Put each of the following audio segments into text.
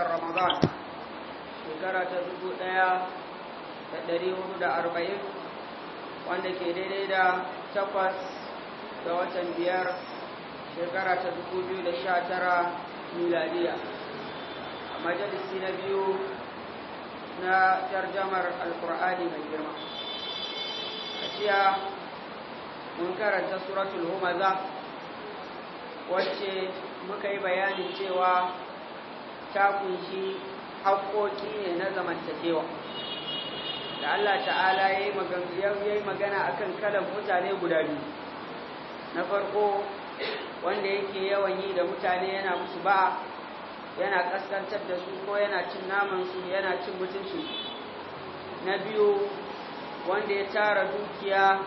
watan ramadan shekara ta dubu ɗaya da dari hudu da arba'in wanda ke daidai da takwas ga watan biyar shekara ta dubu biyu da sha tara miladiya a majalisi na biyu na tarjamar alkur'ani mai girma a ciya mun karanta suratul humaza wacce muka yi bayanin cewa ta kunshi haƙoƙi ne na zamantakewa da Allah ta'ala ya yi magana akan kalan mutane guda biyu na farko wanda yake yawan yi da mutane yana musu ba yana kaskantar da su ko yana cin namansu yana cin mutunci na biyu wanda ya tara dukiya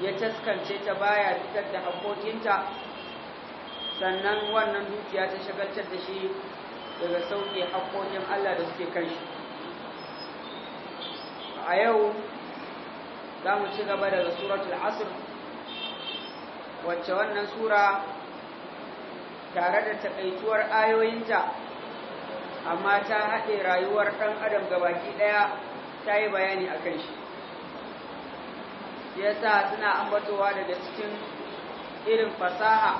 ya taskance ta baya fitar da haƙoƙinta sannan wannan dukiya ta shagaltar da shi daga sauke haƙoƙin Allah da suke kan shi a yau za mu ci gaba daga suratul asr wacce wannan sura tare da taƙaituwar ayoyinta amma ta haɗe rayuwar ɗan adam ga baki ɗaya ta yi bayani a kan shi sa suna ambatowa daga cikin irin fasaha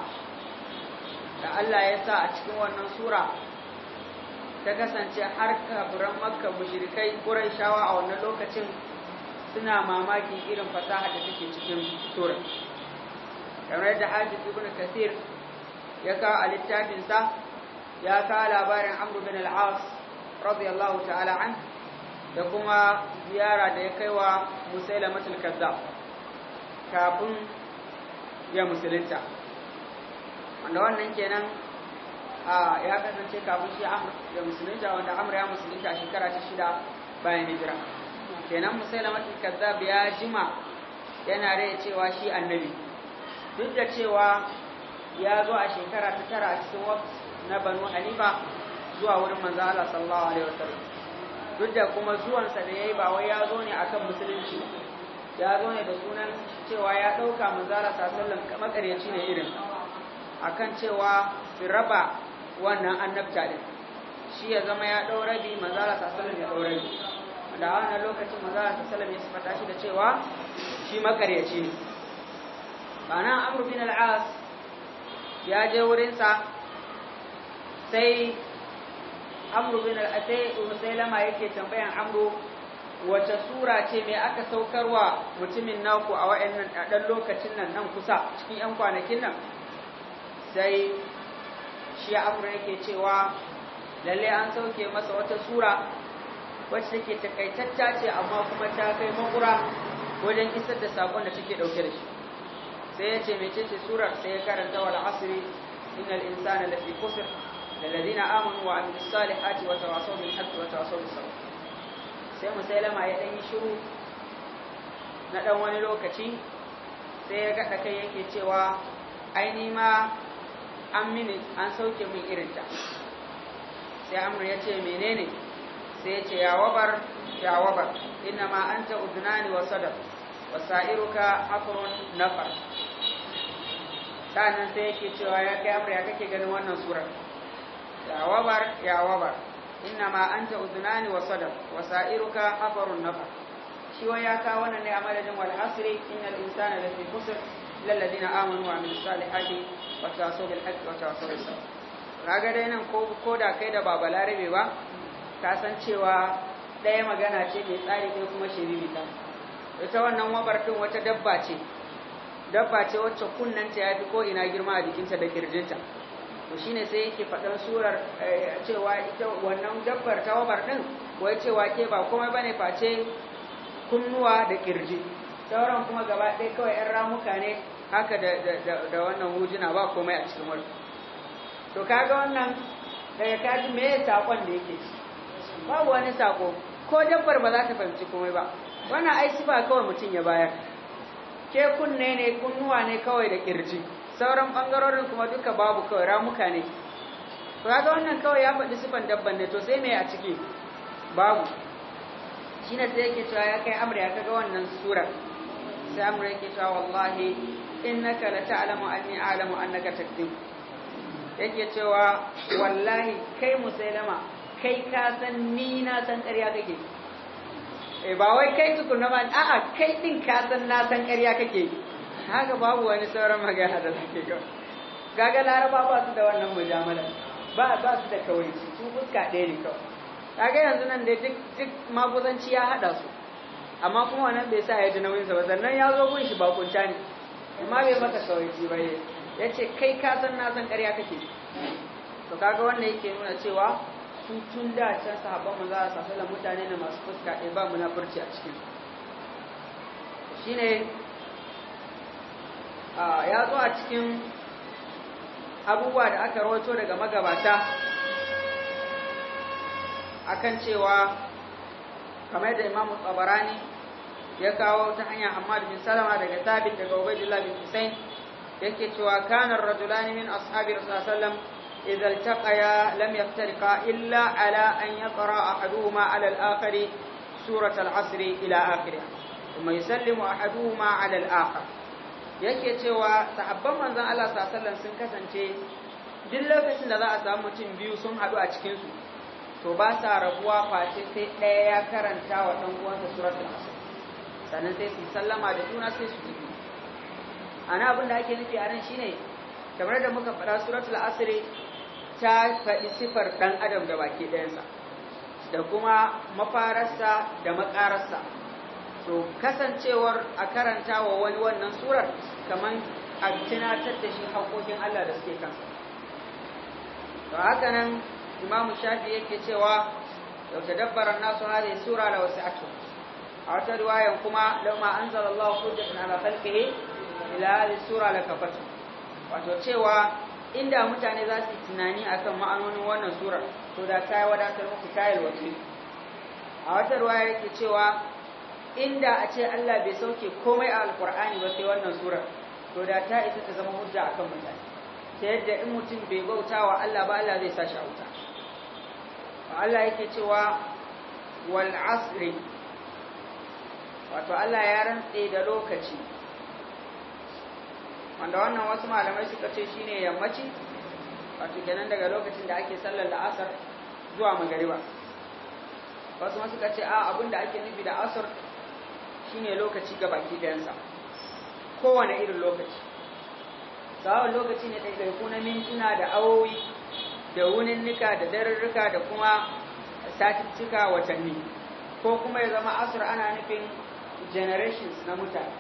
da Allah ya sa a cikin wannan sura ta kasance har kaburan makka mushrikai shawa a wannan lokacin suna mamaki irin fasaha da take cikin turai kamar yadda hajji ibn kasir ya kawo a littafinsa ya kawo labarin amru bin al'as radiyallahu ta'ala an da kuma ziyara da ya kai wa musailamatul kazzab kafin ya musulunta wanda wannan kenan ya kasance kafin shi da musulunta wanda amur ya musulunta a shekara ta shida bayan hijira kenan musulama kazzab ya jima yana rai cewa shi annabi duk da cewa ya zo a shekara ta tara a cikin waqt na banu hanifa zuwa wurin manzo Allah sallallahu alaihi wasallam duk da kuma zuwansa da yayi ba wai ya zo ne akan musulunci ya zo ne da sunan cewa ya dauka manzo Allah sallallahu alaihi wasallam makaryaci ne irin akan cewa su raba wannan annabta din shi ya zama ya bi rabi sallallahu alaihi wasallam ya daura da wannan lokacin sallallahu alaihi wasallam ya sifata shi da cewa shi makaryaci ne bana amru bin al-as ya je wurinsa sai amru bin al-asai Sailama yake tambayan amru wace sura ce mai aka saukarwa mutumin naku a wa'annan dan lokacin nan nan kusa cikin 'yan kwanakin nan sai shi ya yake cewa lalle an sauke masa wata sura wacce take takaitacca ce amma kuma ta kai makura wajen isar da sakon da take dauke da shi sai ya ce mecece surar sai ya karanta wal asri innal insana lafi khusr alladhina amanu wa amilus salihati wa tawassaw bil haqqi wa tawassaw bis sabr sai musailama ya dan yi shiru na dan wani lokaci sai ya ga kai yake cewa ai ni ma an mini an sauke min irinta sai amr ya ce menene sai ya ce ya wabar ya wabar inna ma anta udnani wa sadaq wa sa'iruka afrun nafar sannan sai yake cewa ya kai amr ya kake ganin wannan sura ya wabar ya wabar inna ma anta udnani wa sadaq wa sa'iruka afrun nafar shi wa ya kawo wannan ne a madadin wal asri innal insana lafi khusr illa alladhina amanu wa amilus salihati wa tawasaw bil haqqi dai nan ko ko da kai da baba larabe ba ka san cewa ɗaya magana ce mai tsari ɗaya kuma shiriri ta ita wannan wabarkin wata dabba ce dabba ce wacce kunnanta ya fi ko ina girma a jikinta da kirjinta to shine sai yake faɗan surar eh, cewa ita wannan dabbar ta wabar ɗin wai cewa ke ba komai bane face kunnuwa da kirji sauran kuma gaba ɗaya kawai 'yan ramuka ne haka da da wannan hujuna ba komai a cikin wurin to kaga wannan daga eh, kaji me sakon da yake ci babu wani sako ko dabbar ba za ta fahimci komai ba wannan ai sifa kawai mutum ya bayar ke kunne ne kunnuwa ne kawai da kirji sauran bangarorin kuma duka babu kawai ramuka ne to kaga wannan kawai ya faɗi sifan dabban ne to sai me a ciki babu shine sai yake cewa ya kai amri ya kaga wannan sura sai amri yake cewa wallahi innaka la ta'lamu anni a'lamu annaka takzib yake cewa wallahi kai musailama kai ka san ni na san ƙarya kake eh ba wai kai na ba a'a kai din ka san na san ƙarya kake haka babu wani sauran magana da kake ga gaga laraba ba su da wannan mujamala ba ba su da kawai su fuska ɗaya ne kawai kaga yanzu nan da duk duk magudanci ya hada su amma kuma wannan bai sa ya ji nauyin sa ba sannan ya zo gun shi ba kunta ne amma bai maka sauri ba ya ce kai ka san na san ƙarya kake to kaga wanda yake nuna cewa su tun da can sahabban a Allah da mutane na masu fuska ɗaya ba mu na munafurci a cikin shine a ya zo a cikin abubuwa da aka rawato daga magabata akan cewa kamar da Imam tsabarani ya kawo ta hanya Ahmad bin Salama daga Thabit daga Ubaydullah bin Husayn yake cewa kana rajulani min ashabi Rasulullah sallam idza iltaqaya lam yaftariqa illa ala an yaqra ahaduhuma ala al-akhari surat al-asr ila akhirih kuma yusallimu ahaduhuma ala al-akhar yake cewa sahabban manzon Allah sallallahu sun kasance duk lokacin da za a samu mutum biyu sun haɗu a cikin su to ba sa rabuwa face sai ɗaya ya karanta wa ɗan uwansa suratul asr sannan sai su sallama da juna sai su tafi ana abin da ake nufi a nan shine kamar da muka faɗa suratul asiri ta faɗi sifar ɗan adam da baki ɗayansa da kuma mafararsa da makararsa to kasancewar a karanta wa wani wannan surar kamar a tunatar da shi haƙoƙin Allah da suke kansa to haka nan imamu shafi yake cewa yau tadabbara nasu hadhihi sura la wasi'atu a wata riwayan kuma su anzalallahu suna da khalqihi ila hadhihi sura kafatu wato cewa inda mutane za su yi tunani akan ma'anonin wannan surar to da ta yi wadatar muku ta yi wakil a wata riwaya yake cewa inda a ce Allah bai sauke komai a alkur'ani ba sai wannan surar to da ta isa ta zama hujja akan mutane ta yadda in mutum bai bauta wa Allah ba Allah zai sashi a wuta Allah yake cewa wal asri wato Allah ya rantse da lokaci wanda wannan wasu malamai suka ce shine yammaci wato kenan daga lokacin da ake sallar da asar zuwa magariba wasu ma suka ce a abinda ake nufi da asar shine lokaci ga baki dayansa kowane irin lokaci sawon lokaci ne ɗaiɗaiku na mintuna da awowi da wuninnika da darurruka da kuma satuttuka watanni ko kuma ya zama asar ana nufin generations na mutane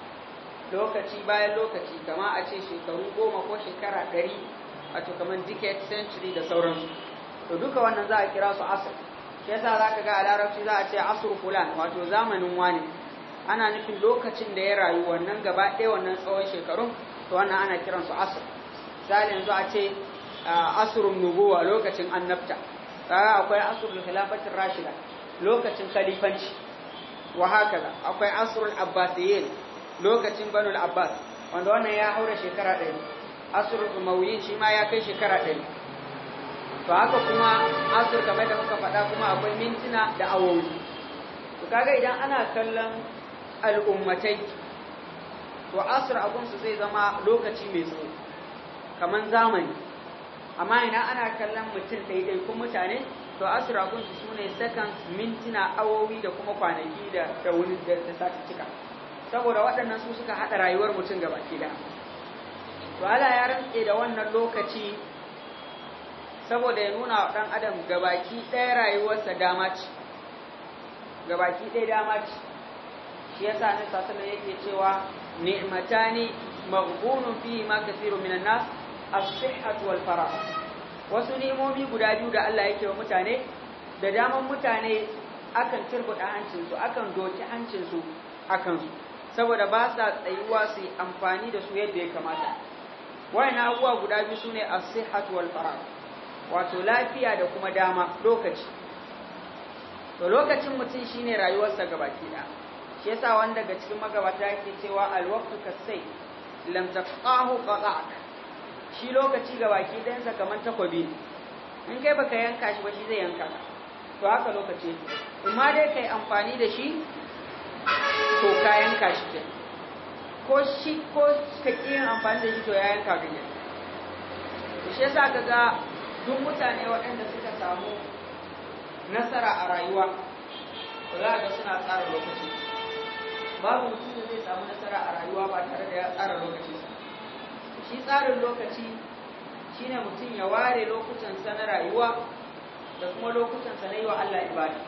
lokaci bayan lokaci kama a ce shekaru goma ko shekara ɗari a kamar decade century da sauransu to duka wannan za a kira su asir shi yasa za ka ga a larabci za a ce asir fulan wato zamanin wani ana nufin lokacin da ya rayu wannan gaba ɗaya wannan tsawon shekarun to wannan ana kiransu asir misali yanzu a ce asirun nubuwa lokacin annabta kaga akwai asirul khilafatin rashida lokacin khalifanci wa hakaza akwai asrul abbasiyin lokacin banu abbas wanda wannan ya haura shekara ɗari asrul umawiyin shi ma ya kai shekara ɗari to haka kuma asur kamar da muka faɗa kuma akwai mintuna da awowi to kaga idan ana kallon al'ummatai to asur abunsu zai zama lokaci mai tsawo kamar zamani amma ina ana kallon mutum ɗaiɗaikun mutane to ashirakun su sune seconds mintina awowi da kuma kwanaki da da wuri da, da cika saboda waɗannan su suka hada rayuwar mutum gaba kida to Allah ya rantse da wannan lokaci saboda ya nuna wa dan adam gabaki ɗaya rayuwarsa dama ce gabaki ɗaya dama ce shi yasa ne sasana yake cewa ni'matani maghbunun fi ma kathirun minan nas as-sihhatu wal farah wasu nimomi guda biyu da Allah yake wa mutane da daman mutane akan turbuɗa hancinsu akan doki hancinsu akan su saboda ba sa tsayuwa su yi amfani da su yadda ya kamata wayan abubuwa guda biyu sune as-sihhat wal farah wato lafiya da kuma dama lokaci to lokacin mutum shine rayuwarsa gabaki da shi yasa wanda daga cikin magabata yake cewa al-waqtu kasai lam taqahu qata'ak shi lokaci ga baki ɗayansa kamar takobi in kai baka yanka shi ba shi zai yanka ka to haka lokaci amma dai kai amfani da shi to ka yanka shi ke ko shi ko ka yin amfani da shi to ya yanka ka ke to shi yasa ka ga duk mutane waɗanda suka samu nasara a rayuwa za ga suna tsara lokaci babu mutum da zai samu nasara a rayuwa ba tare da ya tsara lokaci shi tsarin lokaci shi ne mutum ya ware lokutansa na rayuwa da kuma lokutansa na yi wa Allah ibada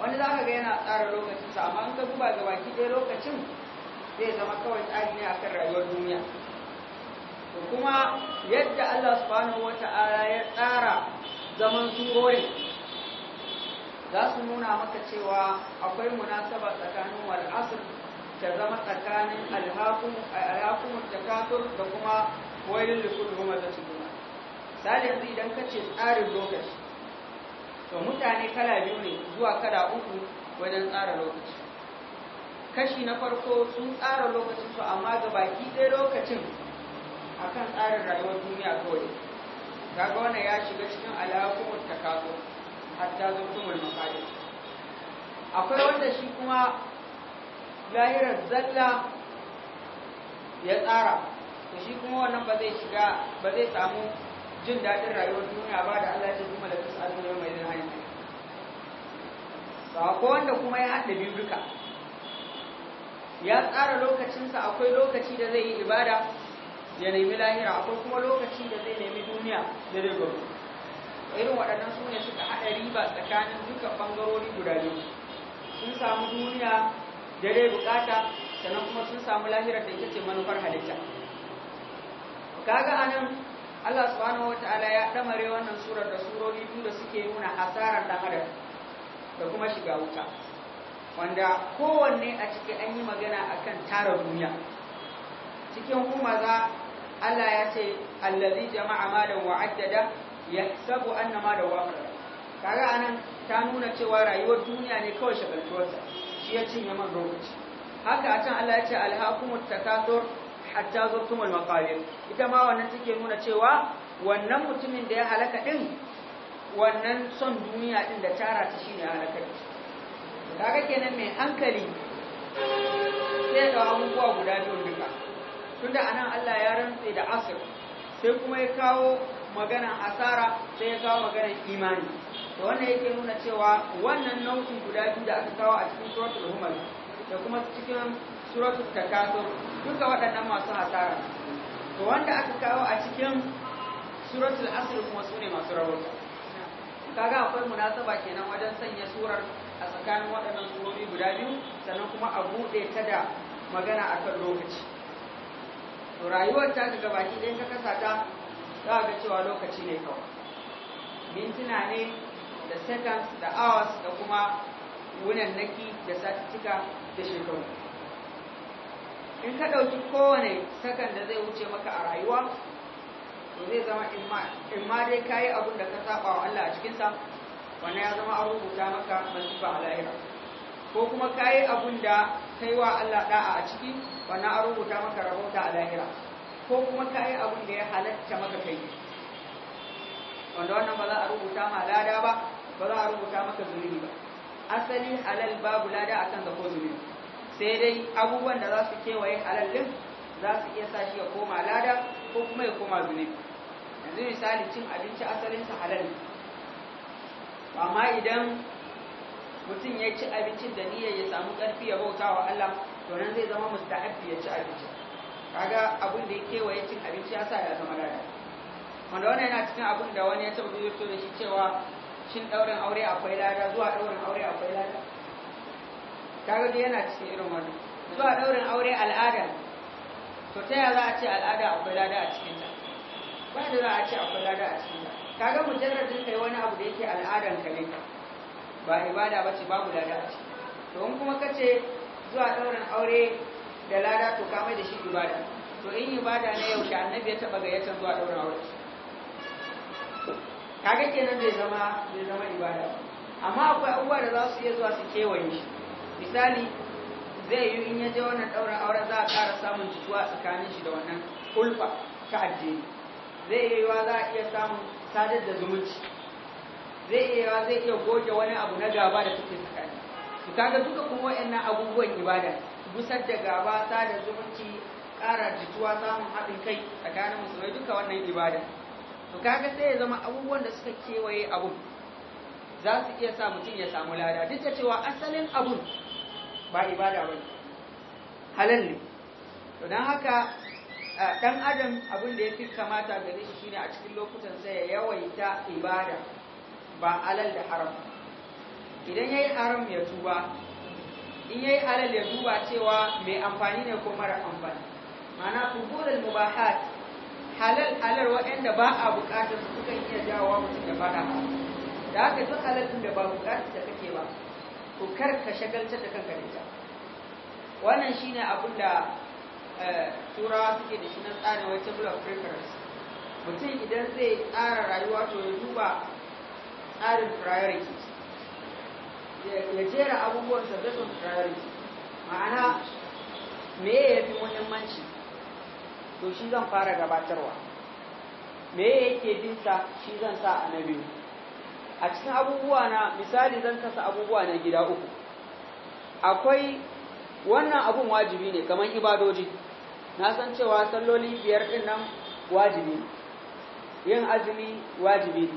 wani za ka ga yana tsara lokacinsa amma an ka ga baki ɗaya lokacin zai zama kawai tsari ne akan rayuwar duniya Da kuma yadda Allah subhanahu wata'ala ya tsara zaman surorin za su nuna maka cewa akwai munasaba tsakanin wal ta zama tsakanin alhakun takatur da kuma wailin lissun roma da su goma. misali yanzu idan ka ce tsarin lokaci to mutane kala biyu ne zuwa kala uku wajen tsara lokaci kashi na farko sun tsara lokacin su amma ga baki ɗaya lokacin akan tsarin rayuwar duniya kawai kaga wannan ya shiga cikin alhakumun takasur hatta zurtumul maqadir akwai wanda shi kuma lahirar zalla ya tsara da shi kuma wannan ba zai shiga ba zai samu jin daɗin rayuwar duniya ba da Allah ya tafi malakus alwaya mai zan hanyar ba wanda kuma ya haɗa biyu duka ya tsara lokacinsa akwai lokaci da zai yi ibada ya nemi lahira akwai kuma lokaci da zai nemi duniya da zai gwaro irin waɗannan su suka haɗa riba tsakanin duka ɓangarori guda biyu sun samu duniya dare bukata sannan kuma sun samu lahira da ita ce manufar halitta kaga anan Allah subhanahu wataala ya damare wannan surar da surori tun da suke nuna asarar da adam da kuma shiga wuta wanda kowanne a ciki an yi magana akan tara duniya cikin kuma za Allah ya ce allazi jama'a malan wa addada yahsabu anna malan wa kaga anan ta nuna cewa rayuwar duniya ne kawai shagaltuwarsa shi ya cinye man lokaci haka a can Allah ya ce alhaqumut takathur hatta zurtumul maqabir ita ma wannan take nuna cewa wannan mutumin da ya halaka din wannan son duniya din da tara ta shine din kaga kenan mai hankali sai ga abubuwa guda biyu duka tunda anan Allah ya rantse da asir sai kuma ya kawo maganan asara sai ya kawo maganan imani to wannan yake nuna cewa wannan nau'in guda biyu da aka kawo a cikin suratul humal da kuma cikin suratul takasur duka waɗannan masu hasara to wanda aka kawo a cikin suratul asr kuma su ne masu rawarta kaga akwai munasaba kenan wajen sanya surar a tsakanin waɗannan surori guda biyu sannan kuma a buɗe ta da magana akan lokaci to rayuwar ta ga baki ɗaya ta kasa ta za a ga cewa lokaci ne kawai mintuna ne da seconds da hours da kuma naki da satuttuka da shekaru in ka ɗauki kowane sakan da zai wuce maka a rayuwa to zai zama in ma dai ka yi abin da ka saba wa Allah a cikinsa wannan ya zama an rubuta maka masifa a lahira ko kuma ka yi abin da yi wa Allah ɗa'a a ciki wannan an rubuta maka rahota a lahira ko kuma ka yi abin da ya halatta maka kai wanda wannan ba za a rubuta ma lada ba ba za a rubuta maka zunubi ba asali halal babu lada akan zako zunubi sai dai abubuwan da za su kewaye halal din za su iya sa shi ya koma lada ko kuma ya koma zunubi yanzu misali cin abinci asalinsa halal ne amma idan mutum ya ci abincin da niyyar ya samu ƙarfi ya bauta wa Allah to nan zai zama musta'abbi ya ci abinci. kaga abin da ya kewaye cin abinci ya sa ya zama lada wanda wannan yana cikin abin da wani ya taɓa zai to da shi cewa shin ɗaurin aure akwai lada zuwa ɗaurin aure akwai lada kaga dai yana cikin irin wannan zuwa ɗaurin aure al'ada to ta yaya za a ce al'ada akwai lada a cikin ta ba da za a ce akwai lada a cikin ta kaga mujarradin kai wani abu da yake al'adan ka ne ba ibada ba ce babu lada a ciki to in kuma kace zuwa ɗaurin aure da lada to kamar da shi ibada to in ibada ne yaushe annabi ya taba gayyatar zuwa daura aure kaga kenan bai zama bai zama ibada amma akwai abubuwa da za su iya zuwa su kewaye shi misali zai yi in ya je wannan daura auren za a ƙara samun jituwa tsakanin shi da wannan kulfa ta addini zai iya yiwa za a iya samun sadar da zumunci zai iya yiwa zai iya goge wani abu na gaba da suke tsakani Su kaga duka kuma waɗannan abubuwan ibada gusar da gaba da zumunci ƙara jituwa samun haɗin kai tsakanin musulmai duka wannan ibada to kaga sai ya zama abubuwan da suka kewaye abun za su iya sa mutum ya samu lada duk da cewa asalin abun ba ibada ba halal ne to don haka ɗan adam abin da ya fi kamata gare shi shine a cikin lokutan sai ya yawaita ibada ba alal da haram idan ya yi haram ya tuba in yayi halal ya duba cewa mai amfani ne ko mara amfani ma'ana qubulul mubahat halal halal waɗanda ba a buƙatar su kan iya jawo mutum da fada da haka duk halal din da ba buƙatar da kake ba ko kar ka shagaltar da kanka da ita wannan shine abin da eh, turawa suke da shi na tsarin wai table of preference mutum idan zai tsara rayuwa to ya duba tsarin priorities ya jera abubuwan sa da ma'ana me ya muhimmanci to shi zan fara gabatarwa me yake ke sa shi zan sa a na biyu a cikin abubuwa na misali zan kasa abubuwa na gida uku akwai wannan abun wajibi ne kamar ibadoji na san cewa salloli biyar din nan wajibi yin azumi wajibi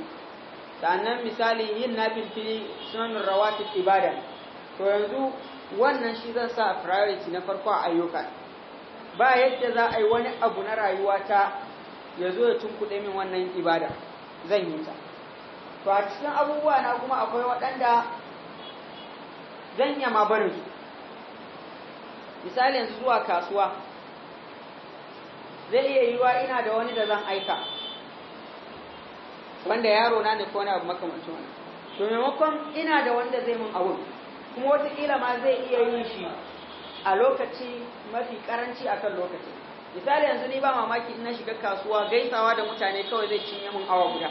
sannan misali yin suna sunanin rawatib ibada to yanzu wannan shi zan sa priority na farko a ayyuka ba yadda za a yi wani abu na rayuwa ta ya zo ya tunkuɗe min wannan ibada zan yi ta to a cikin abubuwa na kuma akwai waɗanda zan yama barin su misali yanzu zuwa kasuwa zai iya yiwa ina da wani da zan aika Wanda yaro na ne ko wani abu makamancin wani to maimakon ina da wanda zai mun abun kuma wataƙila ma zai iya yin shi a lokaci mafi karanci akan lokaci misali yanzu ni ba mamaki in na shiga kasuwa gaisawa da mutane kawai zai cinye mun awa guda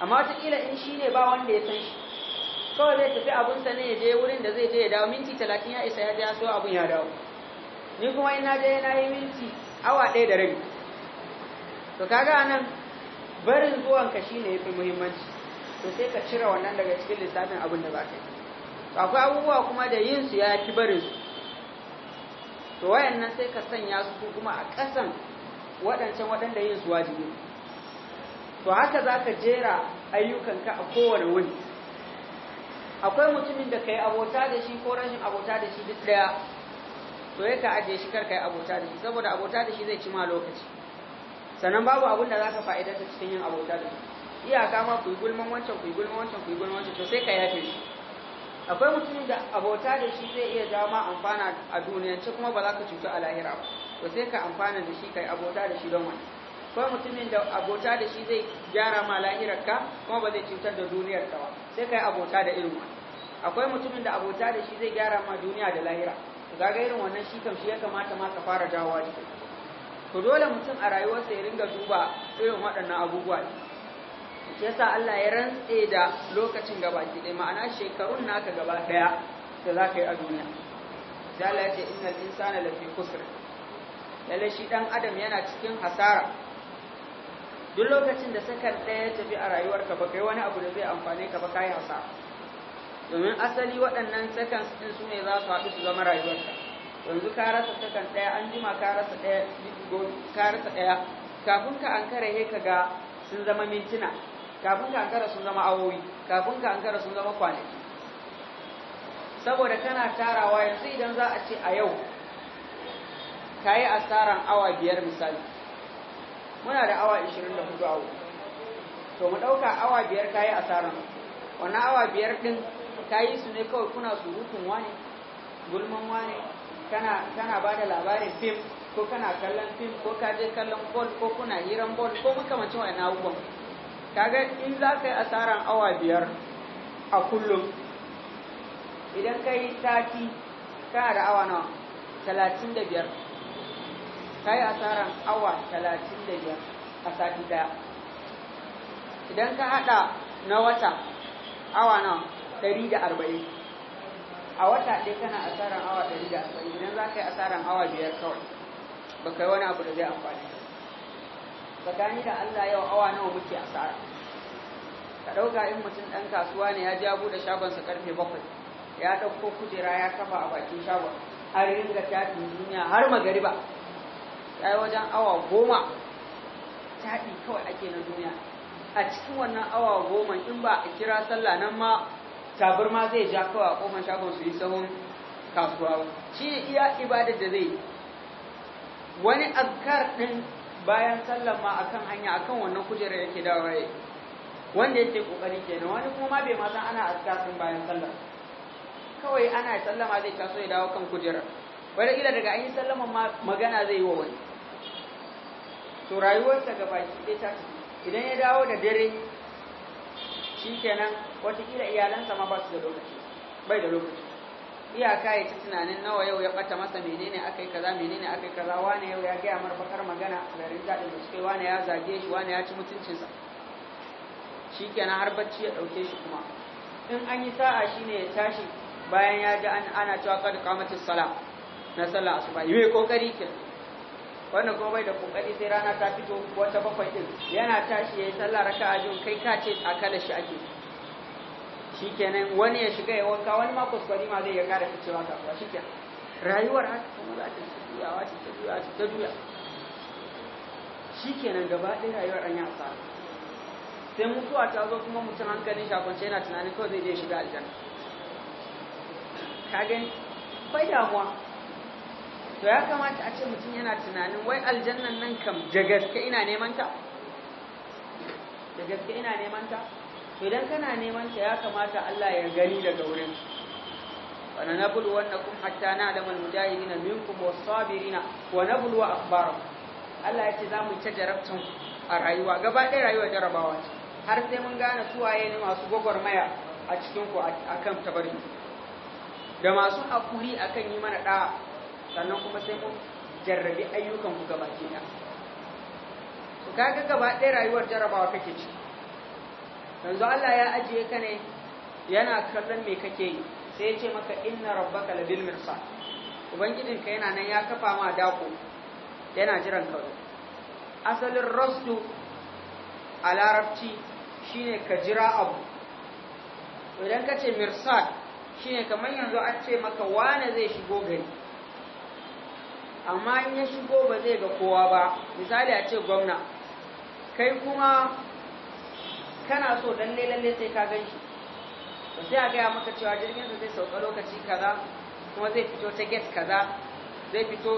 amma wataƙila in shi ne ba wanda ya san shi kawai zai tafi abunsa ne ya je wurin da zai je ya dawo minti talatin ya isa ya je ya so abun ya dawo ni kuma ina je na yi minti awa ɗaya da rabi to kaga anan barin zuwanka shi ne ya fi muhimmanci to sai ka cire wannan daga cikin lissafin abin da za ka yi akwai abubuwa kuma da yin su ya ki barin su to wayannan sai ka sanya su kuma a kasan waɗancan waɗanda yin su wajibi to haka za ka jera ayyukanka a kowane wuni akwai mutumin da ka yi abota da shi ko rashin abota da shi duk ɗaya to yaka ka ajiye shi kar ka yi abota da shi saboda abota da shi zai ci ma lokaci sannan babu abin da zaka fa'idanta cikin yin abota da iyaka ma ku yi gulman wancan ku yi gulman wancan ku yi gulman wancan to sai ka yafe shi akwai mutumin da abota da shi zai iya jawo ma amfana a ce kuma ba za ka cutu a lahira ba to sai ka amfana da shi kai abota da shi don wani akwai mutumin da abota da shi zai gyara ma lahirar ka kuma ba zai cutar da duniyar ka ba sai kai abota da irin wani akwai mutumin da abota da shi zai gyara ma duniya da lahira kaga irin wannan shi kam shi ya kamata ma ka fara a jiki to dole mutum a rayuwarsa ya ringa duba irin waɗannan abubuwa sa Allah ya rantse da lokacin gabaki ɗaya ma'ana shekarun naka gaba ɗaya da za ka yi a duniya ya ce innal insana lafi kusur lalle shi ɗan adam yana cikin hasara duk lokacin da sakar ɗaya ya tafi a rayuwarka ba kai wani abu da zai amfane ka ba kai hasara domin asali waɗannan sakan ɗin su ne za su haɗu su zama rayuwarka yanzu ka rasa takan ɗaya an jima ka rasa ɗaya ka rasa ɗaya kafin ka ankara he ka ga sun zama mintuna kafin ka kare sun zama awowi kafin ka kare sun zama kwanaki saboda kana tarawa yanzu idan za a ce a yau ka yi asaran awa biyar misali muna da awa 24 awo to mu ɗauka awa biyar ka yi asaran wannan awa biyar ɗin ka yi su ne kawai kuna surutun wane gulman wane kana kana ba da labarin fim ko kana kallon fim ko ka je kallon bol ko kuna hiran bol ko wa wani abubuwan kaga in za ka yi asaran awa biyar a kullum idan ka yi sati kana da awa nawa talatin da biyar ka yi asaran awa talatin da biyar a sati daya idan ka haɗa na wata awa nawa ɗari da arba'in a wata ɗaya kana asaran awa ɗari da asali idan za ka yi asaran awa biyar kawai ba kai wani abu da zai amfani tsakani da Allah yau awa nawa muke asara ka ɗauka in mutum ɗan kasuwa ne ya ji abu shagon shagonsa karfe bakwai ya ɗauko kujera ya kafa a bakin shagon har ringa tafi duniya har magariba ya yi wajen awa goma tafi kawai ake na duniya a cikin wannan awa goma in ba a kira sallah nan ma tabarma zai ja kawai a kofar shagon su yi sahun kasuwa shi ne iya ibadar da zai wani azkar ɗin bayan sallar ma akan hanya akan wannan kujerar yake dawo ya wanda yake kokari kenan wani kuma ma bai ma ana azkar ɗin bayan sallar kawai ana sallama zai taso ya dawo kan kujerar Wani ila daga an yi sallama ma magana zai yi wa wani to rayuwarsa gabaki ɗaya ta idan ya dawo da dare kenan watakila iyalansa ma ba su da lokaci bai da lokaci iyaka ya ci tunanin nawa yau ya bata masa menene akai kaza menene akai kaza wane yau ya gaya marfakar magana magana garin daɗin da suke wane ya zage shi wane ya ci mutuncinsa kenan har bacci ya ɗauke shi kuma in an yi sa'a shine ya tashi bayan ya ji ana cewa kada kamatis sala na sallah asuba yi kokari ke wannan kuma bai da kokari sai rana ta fito wata bakwai din yana tashi yi sallah raka'a jin kai ka ce da shi ake shikenan wani ya shiga ya wanka wani ma kuskure ma zai ya kara ficewa kasuwa shikenan rayuwar haka kuma za ta juyawa ta juya ta juya shikenan gaba ɗaya rayuwar an yi asara sai mutuwa ta zo kuma mutum hankalin shakwance yana tunanin kawai zai je shiga aljanna ka gani akwai damuwa to ya kamata a ce mutum yana tunanin wai aljannan nan kam da gaske ina neman ta da gaske ina neman ta to idan kana neman ta ya kamata Allah ya gani daga wurin wa nablu wannakum hatta na'lamu al-mujahidin minkum was-sabirin wa nablu akhbarakum Allah ya ce za mu jarabtan a rayuwa gaba ɗaya rayuwa jarabawa ce har sai mun gane suwaye ne masu gwagwarmaya a cikin ku akan tabari da masu hakuri akan yi mana da'a sannan kuma sai mun jarrabi ayyukan ku gaba ɗaya su kaga gaba ɗaya rayuwar jarabawa kake ciki yanzu Allah ya ajiye ka ne yana kallon me kake yi sai ya ce maka inna rabbaka labil ubangijin ubangijinka yana nan ya kafa ma dako yana jiran ka asalin rasdu a larabci shine ka jira abu idan ka ce mirsad shine kamar yanzu an ce maka wane zai shigo gari amma in ya shigo ba zai ga kowa ba misali a ce gwamna kai kuma kana so dan ne lalle sai ka gan shi to sai a gaya maka cewa jirgin sa zai sauka lokaci kaza kuma zai fito ta gate kaza zai fito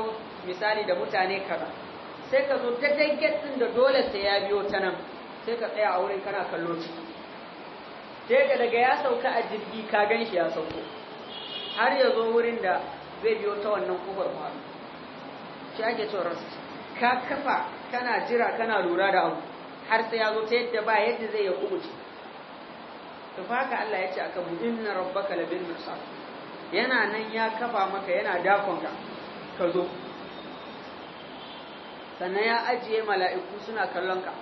misali da mutane kaza sai ka zo ta dai gate din da dole sai ya biyo ta nan sai ka tsaya a wurin kana kallo shi sai ka daga ya sauka a jirgi ka gan shi ya sauko har ya zo wurin da zai biyo ta wannan kofar ma shi ake tsoron ka kafa kana jira kana lura da abu har sai ya zo ta yadda ba yadda zai ya kubuce to fa haka Allah ya ce aka mu inna rabbaka labil mirsad yana nan ya kafa maka yana dakon ka ka zo sannan ya ajiye mala'iku suna kallon ka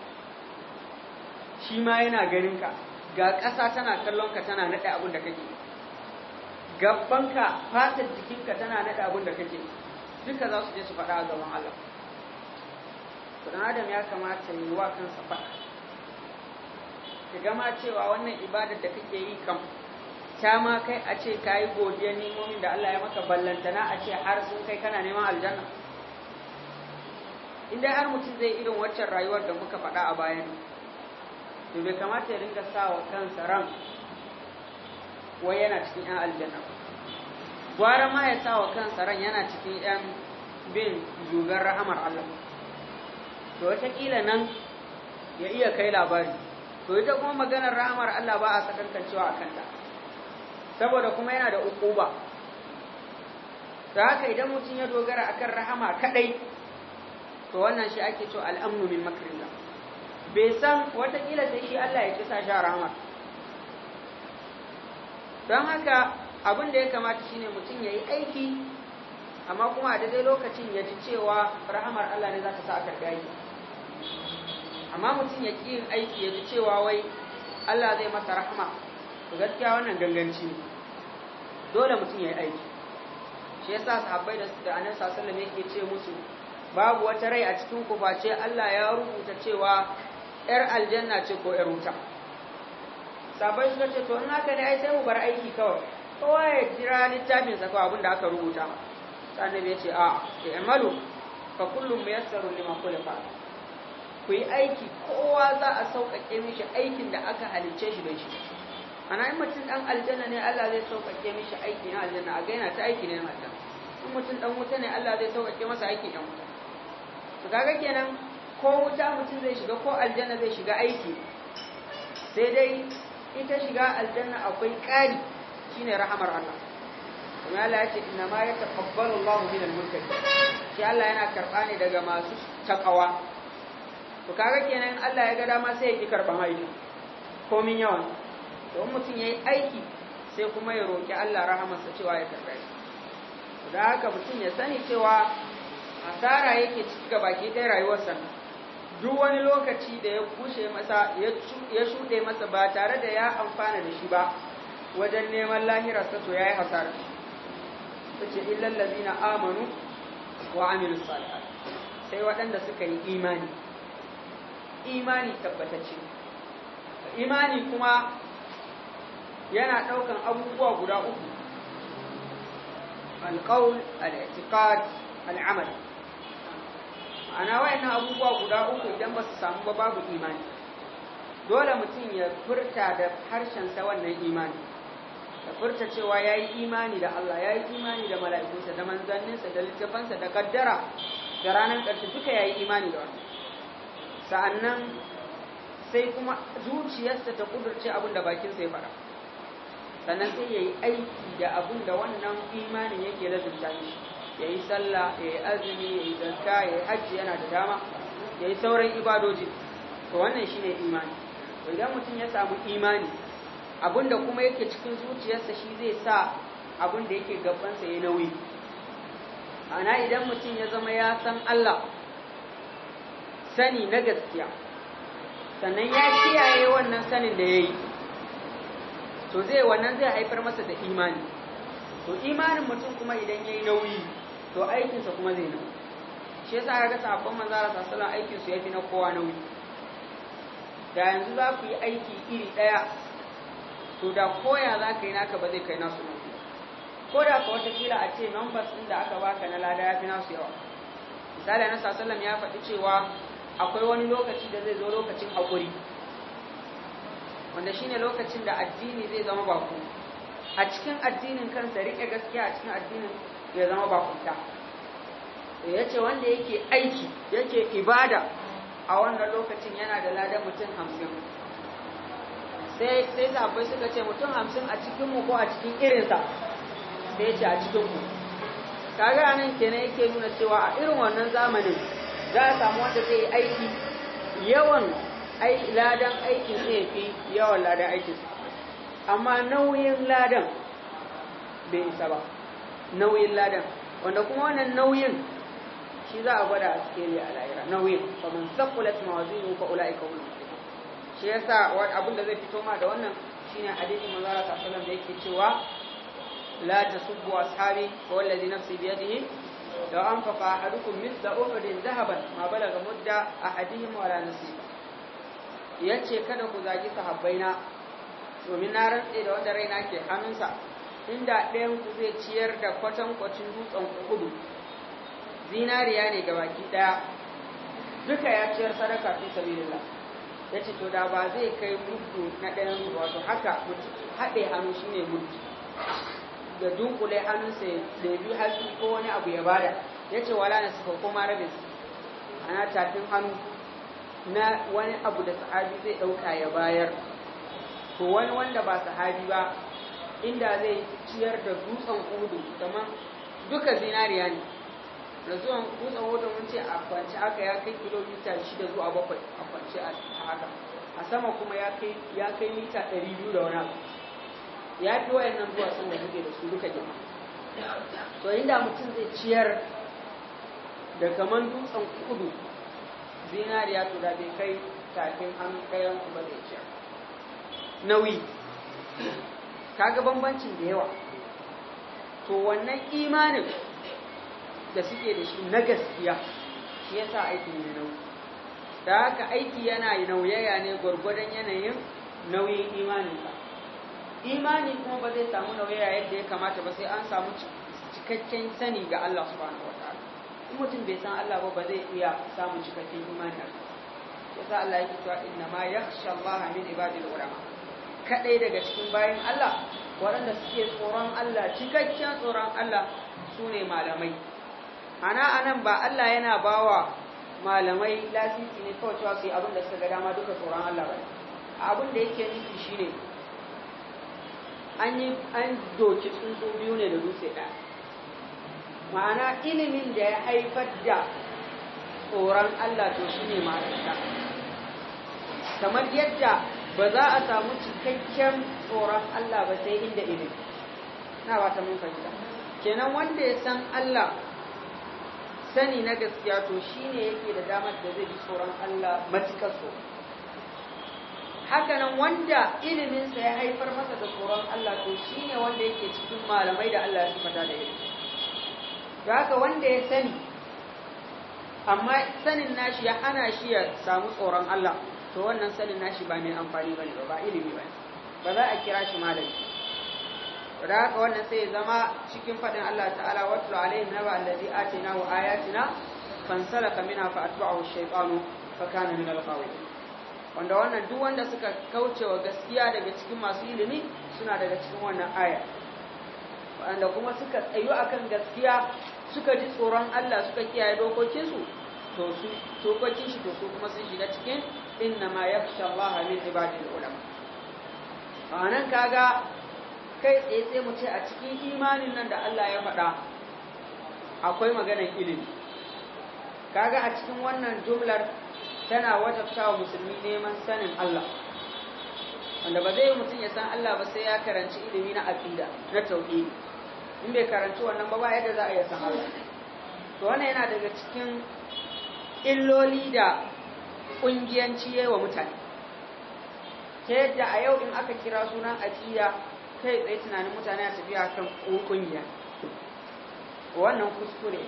shi ma yana ganin ka ga ƙasa tana kallon ka tana naɗe abin da kake ka fatar jikinka tana naɗe abin da kake duka za su je su faɗa a gaban Allah dan adam ya kamata yi wa kansa faɗa ka gama cewa wannan ibadar da kake yi kam ta ma kai a ce ka yi godiyar nimomin da Allah ya maka ballantana a ce har sun kai kana neman aljanna inda har mutum zai irin waccan rayuwar da muka faɗa a bayan to bai kamata ya ringa sa wa kansa ran wai yana cikin 'yan aljanna gwara ma ya sa wa kansa ran yana cikin 'yan bin jugar rahamar Allah to wataƙila nan ya iya kai labari to ita kuma maganar ra'amar Allah ba a sakankancewa a kanta saboda kuma yana da ukuba da haka idan mutum ya dogara akan rahama kadai to wannan shi ake cewa al'amnu min makrillah bai san watakila sai shi Allah ya ci sa sha rahama don haka abin da ya kamata shine mutum ya yi aiki amma kuma a daidai lokacin ya ji cewa rahamar Allah ne za ta sa a kargayi amma mutum ya ƙi yin aiki ya ji cewa wai Allah zai masa rahama ga gaskiya wannan ganganci dole mutum ya yi aiki shi yasa sahabbai da da anan sallallahu mai yake ce musu babu wata rai a cikin ku face Allah ya rubuta cewa ‘yar aljanna ce ko ‘yar wuta. Sabai suka ce, To, ina ka da sai mu bar aiki kawai, kowa ya jira littafin sa kawai abinda aka rubuta. Sannan ya ce, A, ke malu ka kullum mu yassaru lima ku yi aiki kowa za a sauƙaƙe mishi aikin da aka halicce shi don shi ana in mutum ɗan aljanna ne Allah zai sauƙaƙe mishi aiki na aljanna a gaina ta aiki ne na aljanna in mutum ɗan wuta ne Allah zai sauƙaƙe masa aiki ɗan wuta to kaga kenan ko wuta mutum zai shiga ko aljanna zai shiga aiki sai dai ita shiga aljanna akwai ƙari shine rahamar Allah kuma Allah ya ce inna ma yataqabbalu Allahu minal muttaqin shi Allah yana karɓa ne daga masu takawa to kaga kenan Allah ya ga dama sai ya ki karban aiki komin yawan don mutum ya yi aiki sai kuma ya roƙi Allah rahamarsa cewa ya karɓe shi da haka mutum ya sani cewa asara yake ciki ga baki ɗaya rayuwarsa duk wani lokaci da ya kushe masa ya shuɗe masa ba tare da ya amfana da shi ba wajen neman lahirarsa to ya yi hasara ta ce illallazina amanu wa amilu salihat sai waɗanda suka yi imani imani tabbatacce imani kuma yana ɗaukan abubuwa guda uku alƙaul al'atiƙad al'amal ma'ana wayannan abubuwa guda uku idan ba su samu ba babu imani dole mutum ya furta da harshensa wannan imani ya furta cewa ya yi imani da Allah ya yi imani da mala'ikunsa da manzanninsa da littafansa da kaddara da ranar ƙarfi duka ya yi imani da wannan sa'annan sai kuma zuciyarsa ta kudurce abinda bakin bakinsa ya sannan sai ya yi aiki da abinda wannan imanin yake ta shi ya yi sallah ya yi azumi ya yi zanka ya yi hajji yana da dama ya yi sauran ibadoji to wannan shine imani to idan mutum ya samu imani abinda kuma yake cikin zuciyarsa shi zai sa abinda da yake gabansa ya nauyi ana idan mutum ya zama ya san Allah sani na gaskiya sannan ya kiyaye wannan sanin da ya yi to zai wannan zai haifar masa da imani to imanin mutum kuma idan ya yi nauyi to aikinsa kuma zai nauyi shi yasa ga sabon manzara sallallahu alaihi aikinsu ya fi na kowa nauyi da yanzu za ku yi aiki iri ɗaya to da koya za ka yi naka ba zai kai nasu nauyi ko da ka kila a ce numbers ɗin da aka baka na lada ya fi nasu yawa misali na sallallahu ya faɗi cewa akwai wani lokaci da zai zo lokacin haƙuri wanda shine lokacin da addini zai zama baku a cikin addinin kansa riƙe gaskiya a cikin addinin ya zama bakunta ya ce wanda yake aiki yake ibada a wannan lokacin yana da ladar mutum hamsin sai sai suka ce mutum hamsin a cikinmu ko a cikin irinsa sai ya ce a cikinku kaga nan kenan yake nuna cewa a irin wannan zamanin za a samu wanda zai yi aiki yawan ladan aikin zai fi yawan ladan aikin amma nauyin ladan bai isa ba nauyin ladan wanda kuma wannan nauyin shi za a gwada a cikin a alayira nauyin fa man saqulat yi fa ula hum muflihun shi ya sa abinda zai fito ma da wannan shine hadisi manzo Allah sallallahu alaihi wasallam da yake cewa la tasubbu ashabi wallazi nafsi biyadihi لو أنفق أحدكم مثل أحد ذهبا ما بلغ مدة أحدهم ولا نصيبا yace kada ku zagi sahabbaina domin na rantse da wanda raina ke hannunsa inda ɗayan ku zai ciyar da kwatan kwacin dutsen kudu zinariya ne ga baki ɗaya duka ya ciyar sadaka fi sabilillah yace to da ba zai kai muddu na ɗayan wato haka haɗe hannu shine muddu da dunkule hannunsa ya ɗebi hatsi ko wani abu ya bada ya ce wala na suka koma rabin ana tafin hannu na wani abu da sahabi zai ɗauka ya bayar to wani wanda ba sahabi ba inda zai ciyar da dutsen udu kuma duka zinariya ne da zuwan dutsen hudu mun ce a kwance aka ya kai kilomita shida zuwa bakwai a kwance a haka a sama kuma ya kai mita ɗari biyu da wani abu ya fi wayannan zuwa sun da muke da su duka jima. to inda mutum zai ciyar da kaman dutsen kudu zinariya to da bai kai takin hannu kayan kuma zai ciyar nauyi kaga bambancin da yawa to wannan imanin da suke da shi na gaskiya shi yasa aiki ne nauyi da haka aiki yana nauyaya ne gwargwadon yanayin nauyin ka imani kuma ba zai samu nauyi yadda ya kamata ba sai an samu cikakken sani ga Allah subhanahu wataala in mutum bai san Allah ba ba zai iya samun cikakken imani a yasa Allah yake cewa inna ma yakhsha Allah min ibadil ulama kadai daga cikin bayan Allah waɗanda suke tsoron Allah cikakken tsoron Allah sune malamai ana anan ba Allah yana bawa malamai lasisi ne kawai cewa su yi abin da suka ga dama duka tsoron Allah ba abin da yake nufi shine an an doki tsuntsu biyu ne da dutse ɗaya ma'ana ilimin da ya haifar da tsoron Allah to shi ne ma'aikata kamar yadda ba za a samu cikakken tsoron Allah ba sai inda ilimi na ba ta mun fahimta kenan wanda ya san Allah sani na gaskiya to shine yake da damar da zai yi tsoron Allah matukar so. hakanan wanda iliminsa ya haifar masa da tsoron Allah to shi ne wanda yake cikin malamai da Allah ya sifata da ilimi da haka wanda ya sani amma sanin nashi ya hana shi ya samu tsoron Allah to wannan sanin nashi ba mai amfani ba ne ba ilimi ba ba za a kira shi malami da haka wannan sai ya zama cikin faɗin Allah ta'ala watlu alaihi naba allazi atina wa ayatina fansalaka minha fa atba'ahu ash-shaytanu fa kana min al-ghawin wanda wannan duk wanda suka kauce wa gaskiya daga cikin masu ilimi suna daga cikin wannan aya wanda kuma suka tsayu akan gaskiya suka ji tsoron Allah suka kiyaye dokokinsu to su dokokin shi to su kuma sun shiga cikin inna ma yakhsha Allah min ibadil ulama anan kaga kai tsaye sai mu ce a cikin imanin nan da Allah ya faɗa akwai maganar ilimi kaga a cikin wannan jumlar tana wajabta wa musulmi neman sanin Allah wanda ba zai mutum ya san Allah ba sai ya karanci ilimi na aqida na tauhidi in bai karanci wannan ba ba yadda za a iya san Allah to wannan yana daga cikin illoli da kungiyanci yayi wa mutane ta yadda a yau in aka kira sunan aqida kai tsaye tunanin mutane a tafiya kan kungiya wannan kuskure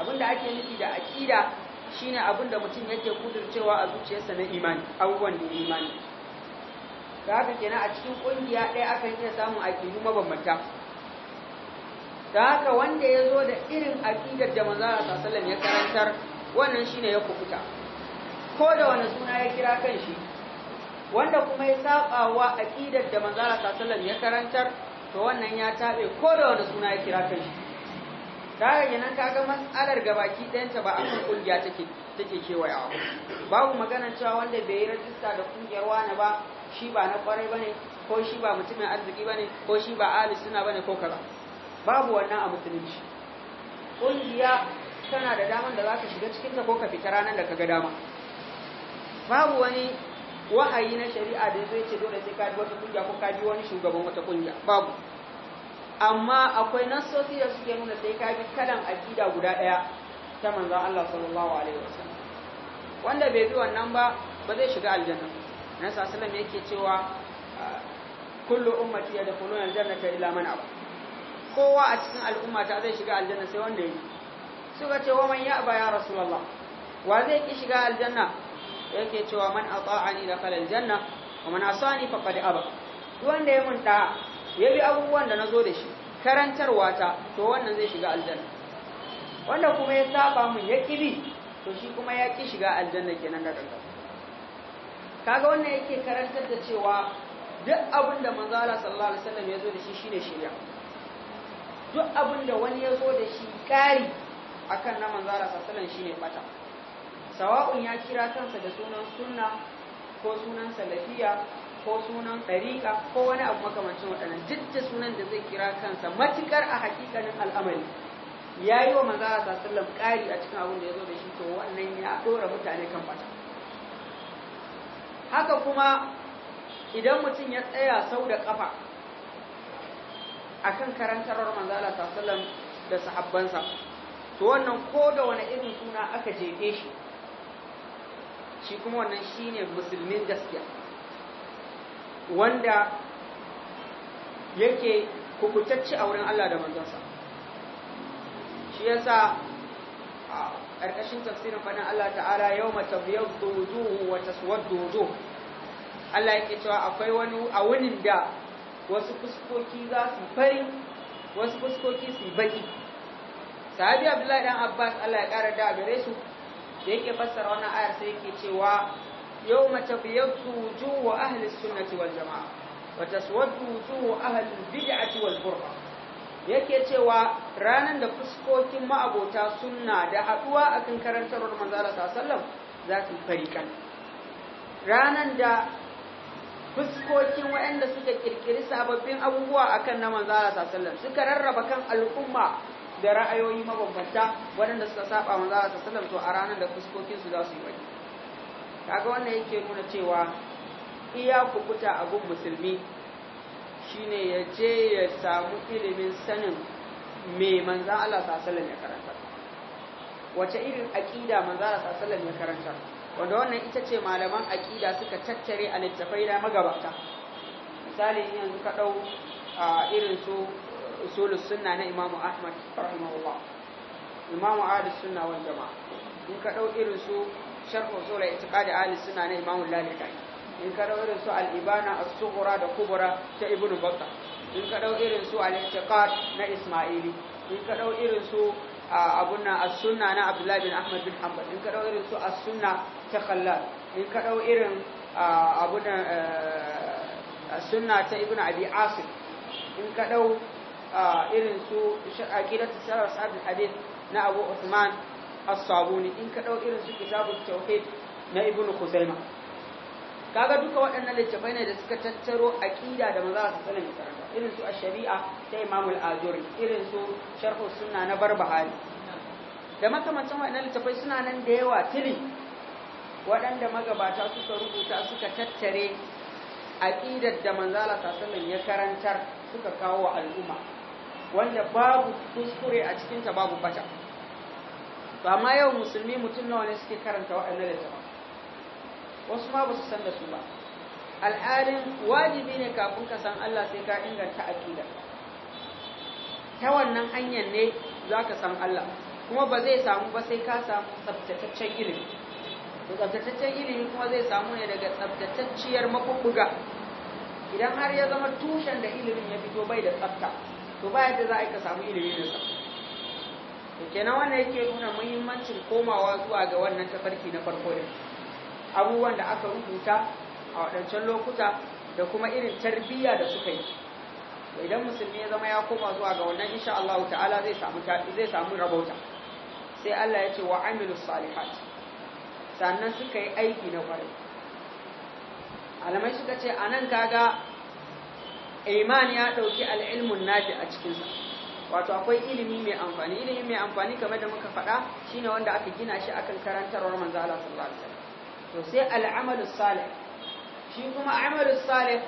abinda ake nufi da aqida shine abin da mutum yake kudurcewa a zuciyarsa na imani abubuwan da imani da haka kenan a cikin kungiya ɗaya akan iya samun aƙidu mabambanta da haka wanda ya zo da irin aƙidar da manzo Allah sallallahu ya karantar wannan shine ya kufuta ko da wani suna ya kira kan shi wanda kuma ya saba wa aƙidar da manzo Allah sallallahu ya karantar to wannan ya tabe ko da wani suna ya kira kan shi kaga kenan kaga matsalar gabaki ɗayanta ba kan kungiya take take kewayawa babu magana cewa wanda bai yi rajista da kungiyar wani ba shi ba na kwarai bane ko shi ba mutumin arziki bane ko shi ba ahli sunna bane ko kaza babu wannan a musulunci kungiya tana da daman da za ka shiga cikin ta ko ka fita ranar da kaga dama babu wani wa'ayi na shari'a da zai ce dole sai ka bi wata kungiya ko ka bi wani shugaban wata kungiya babu amma akwai nassosi da suke nuna sai ka bi kalan aqida guda daya ta manzon Allah sallallahu alaihi wasallam wanda bai bi wannan ba ba zai shiga aljanna nan sa sallam yake cewa kullu ummati yadkhuluna aljannata illa man aba kowa a cikin al'umma ta zai shiga aljanna sai wanda yi suka ce wa man ya'ba ya rasulullah wa zai ki shiga aljanna yake cewa man ata'ani dakhala aljanna wa man asani faqad aba wanda ya mun da ya bi abubuwan da na zo da shi karantarwa ta to wannan zai shiga aljanna wanda kuma ya saba mun ya ƙi to shi kuma ya ki shiga aljanna kenan da kanka kaga wannan yake karantar da cewa duk abin da manzo Allah sallallahu alaihi wasallam ya zo da shi shine shari'a duk abin da wani ya zo da shi ƙari akan na manzo Allah sallallahu alaihi wasallam shine bata sawa'un ya kira kansa da sunan sunna ko sunan salafiya ko sunan ɗariƙa ko wani abu makamancin waɗannan duk sunan da zai kira kansa matukar a haƙiƙanin al'amari ya yi wa a sassan ƙari a cikin abin da ya zo da shi to wannan ya ɗora mutane kan bata haka kuma idan mutum ya tsaya sau da ƙafa a kan karantarwar a sassan da sahabbansa to wannan ko da wani irin suna aka jefe shi shi kuma wannan shine musulmin gaskiya wanda yake kukutacce a wurin Allah da manzansa shi yasa a ƙarƙashin tafsirin faɗin Allah ta'ala yau biyar dojo wata suwar dojo. Allah yake cewa akwai wani a wunin da wasu fuskoki za su fari wasu fuskoki su baki sahabi abdullahi dan abbas Allah ya ƙara da gare su da yake fassara wannan ayar sai yake cewa يوم تبيض وجوه أهل السنة والجماعة وتسود وجوه أهل البدعة والبرهة yake cewa ranar da fuskokin ma'abota sunna da haɗuwa a kan karantarwar manzala sallam za su farikan ranar da fuskokin waɗanda suka kirkiri sababbin abubuwa akan na manzala sallam suka rarraba kan al'umma da ra'ayoyi mabambanta waɗanda suka saba manzala sallam to a ranar da fuskokin su za su yi wani kaga wannan yake nuna cewa iya kuta a gun musulmi shine ya je ya samu ilimin sanin me manza Allah sallallahu ya karanta wace irin akida manza Allah sallallahu ya karanta wanda wannan ita ce malaman akida suka tattare a littafai na magabata misali yanzu ka a irin su usulus sunna na Imam Ahmad rahimahullah Imam Ahlus Sunna wal Jamaa in ka ɗau irin su sharh usul i'tiqad ahli sunna na imam al in ka irin su al-ibana as da kubra ta ibnu batta in ka irin su al-i'tiqad na isma'ili in ka irin su abun nan as-sunna na abdullah bin ahmad in ka irin su as ta khallal in ka irin e, ta in irin su na abu uthman as-sabuni in ka dau irin su kitabu tauhid na ibnu khuzaima kaga duka waɗannan littafai ne da suka tattaro aqida da maza su sanin karanta irin su ash-shari'a ta imam al azuri irin su sharh sunna na barbahari da makamancin waɗannan littafai suna nan da yawa tili waɗanda magabata suka rubuta suka tattare aqidar da manzala sallallahu ya karantar suka kawo wa al'umma wanda babu kuskure a cikinta babu fata. Ba ma yau musulmi mutum nawa ne suke karanta waɗannan littafan wasu ma ba su san da su ba al'adin wajibi ne kafin ka san Allah sai ka inganta aƙida ta wannan hanyar ne za ka san Allah kuma ba zai samu ba sai ka samu tsabtataccen ilimi da tsabtataccen ilimi kuma zai samu ne daga tsabtatacciyar mabubbuga idan har ya zama tushen da ilimin ya fito bai da tsabta to ba yadda za a yi ka samu ilimi da tsabta kenan wannan yake nuna muhimmancin komawa zuwa ga wannan tafarki na farko din abubuwan da aka rubuta a waɗancan lokuta da kuma irin tarbiyya da suka yi idan musulmi ya zama ya koma zuwa ga wannan insha Allah ta'ala zai samu zai samu rabauta sai Allah ya ce wa amilu salihat sannan suka yi aiki na kwarai alamai suka ce anan kaga iman ya dauki al-ilmun nafi a cikin sa wato akwai ilimi mai amfani ilimi mai amfani kamar da muka faɗa shine wanda aka gina shi akan karantarwar manzo Allah sallallahu alaihi wasallam to sai al'amalu salih shi kuma amalu salih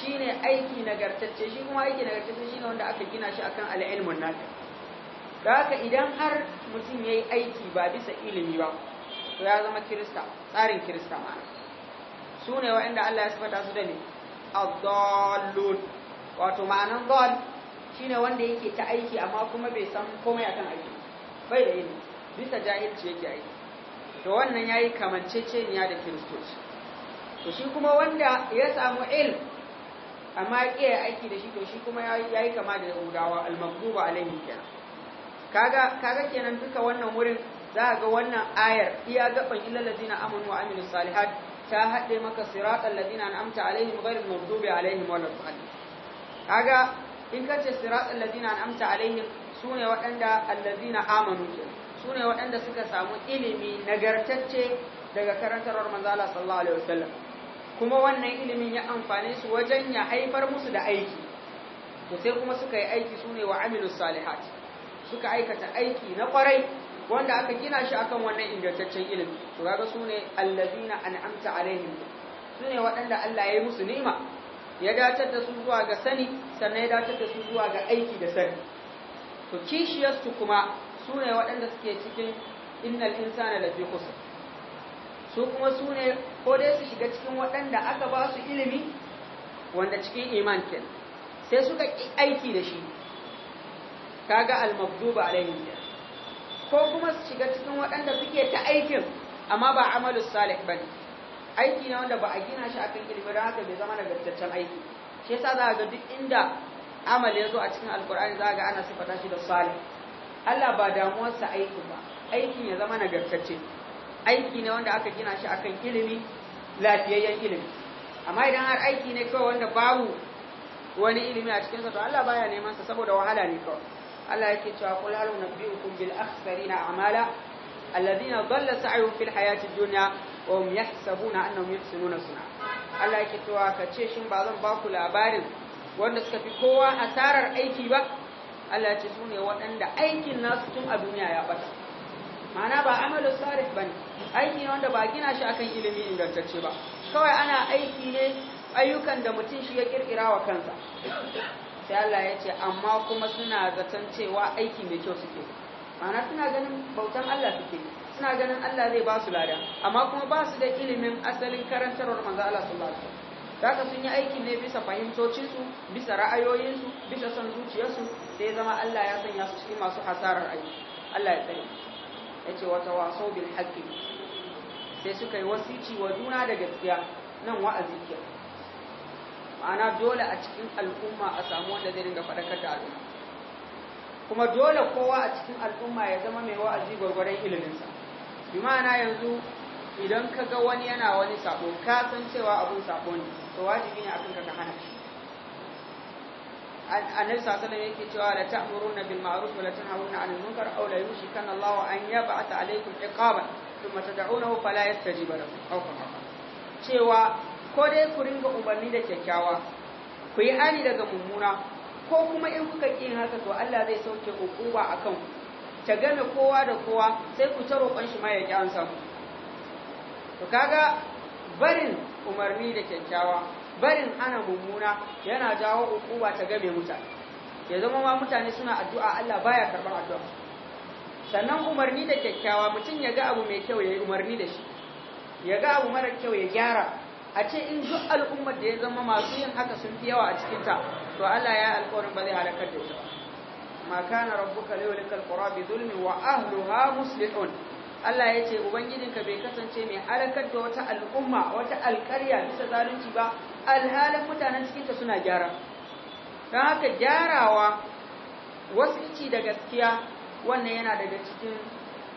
shine aiki nagartacce shi kuma aiki nagartacce shine wanda aka gina shi akan al'ilmun nafi da haka idan har mutum yayi aiki ba bisa ilimi ba to ya zama kirista tsarin kirista ma. su ne wa'anda Allah ya sifata su da ne ad wato ma'anan dal shine wanda yake ta aiki amma kuma bai san komai akan aiki bai da yini bisa jahilci yake aiki to wannan yayi kamanceceniya da kiristoci to shi kuma wanda ya samu il amma ya aiki da shi to shi kuma yayi kama da udawa al-maghduba alaihi kaga kaga kenan duka wannan wurin za ga wannan ayar iya gaban illal ladina amanu wa amilus salihat ta haɗe maka siratal ladina an'amta alaihim ghairil maghdubi alaihim waladdallin kaga in ka ce siratul ladina an'amta alaihim sune waɗanda allazina amanu sune waɗanda suka samu ilimi nagartacce daga karantarwar manzo Allah sallallahu alaihi wasallam kuma wannan ilimin ya amfane su wajen ya haifar musu da aiki to sai kuma suka yi aiki sune wa amilus salihat suka aikata aiki na kwarai wanda aka gina shi akan wannan ingantaccen ilimi to kaga sune allazina an'amta alaihim sune waɗanda Allah ya yi musu ni'ima ya datar da su zuwa ga sani sannan ya datar da su zuwa ga aiki da sani to su kuma su ne waɗanda suke cikin innal insana da fi kusa su kuma su ne ko dai su shiga cikin waɗanda aka ba su ilimi wanda cikin iman ke sai suka ki aiki da shi kaga al-maghduba alaihim ko kuma su shiga cikin waɗanda suke ta aikin amma ba amalus salih bane aiki na wanda ba a gina shi akan ilimi don haka bai zama nagartaccen aiki shi yasa za ga duk inda amal ya zo a cikin alkur'ani za ga ana sifata shi da salih Allah ba damuwarsa aiki ba aikin ya zama nagartacce aiki ne wanda aka gina shi akan ilimi lafiyayyen ilimi amma idan har aiki ne kawai wanda babu wani ilimi a cikinsa to Allah baya neman sa saboda wahala ne kawai Allah yake cewa qul hal nabiyukum bil akhsarina a'mala alladhina dhalla sa'yuhum fil hayati dunya wa hum yahsabuna annahum yuhsinuna sun'a Allah yake cewa ka ce shin ba zan ba ku labarin wanda suka fi kowa asarar aiki ba Allah ya ce su ne waɗanda aikin nasu tun a duniya ya bata ma'ana ba amalu ba bane aiki ne wanda ba gina shi akan ilimi ingantacce ba kawai ana aiki ne ayyukan da mutum shi ya kirkira wa kansa sai Allah ya ce amma kuma suna zaton cewa aiki mai kyau suke ma'ana suna ganin bautan Allah suke suna ganin Allah zai ba su lada amma kuma ba su da ilimin asalin karantarwar manzo Allah sallallahu alaihi wasallam zaka sun yi aiki ne bisa fahimtocinsu bisa ra'ayoyinsu bisa son zuciyarsu sai zama Allah ya sanya su cikin masu hasarar ai Allah ya tsare yace wata tawasau bil haqqi sai suka yi wasici wa juna da gaskiya nan wa'azi ke ma'ana dole a cikin al'umma a samu wanda zai dinga fadakar da al'umma kuma dole kowa a cikin al'umma ya zama mai wa'azi gwargwaron iliminsa bimana yanzu idan ka ga wani yana wani sabo ka san cewa abun sabo ne to wajibi ne a ka ka hana shi annabi sallallahu alaihi yake cewa la ta'muruna bil ma'ruf wa la tanhauna 'anil munkar aw la yushikanna Allahu an yab'atha 'alaykum iqaban thumma tad'unahu fala yastajib lakum aw kama cewa ko dai ku ringa ubanni da kyakkyawa ku yi ani daga mummuna ko kuma in kuka kin haka to Allah zai sauke hukuma akan ku ta gane kowa da kowa sai ku ta roƙon shi ma ya ƙi ansa ku to kaga barin umarni da kyakkyawa barin ana mummuna yana jawo hukuma ta game mutane ya zama ma mutane suna addu'a Allah baya karɓar addu'a sannan umarni da kyakkyawa mutum ya ga abu mai kyau ya yi umarni da shi ya ga abu mara kyau ya gyara a ce in duk al'ummar da ya zama masu yin haka sun fi yawa a cikinta to Allah ya yi alƙawarin ba zai halakar da ita ba ma kana rabbuka liyulikal qura bi zulmi wa ahluha muslihun Allah ya ce ubangijinka bai kasance mai halakar da wata al'umma wata alƙarya bisa zalunci ba alhalin mutanen cikinta suna gyara don haka gyarawa wasu ici da gaskiya wannan yana daga cikin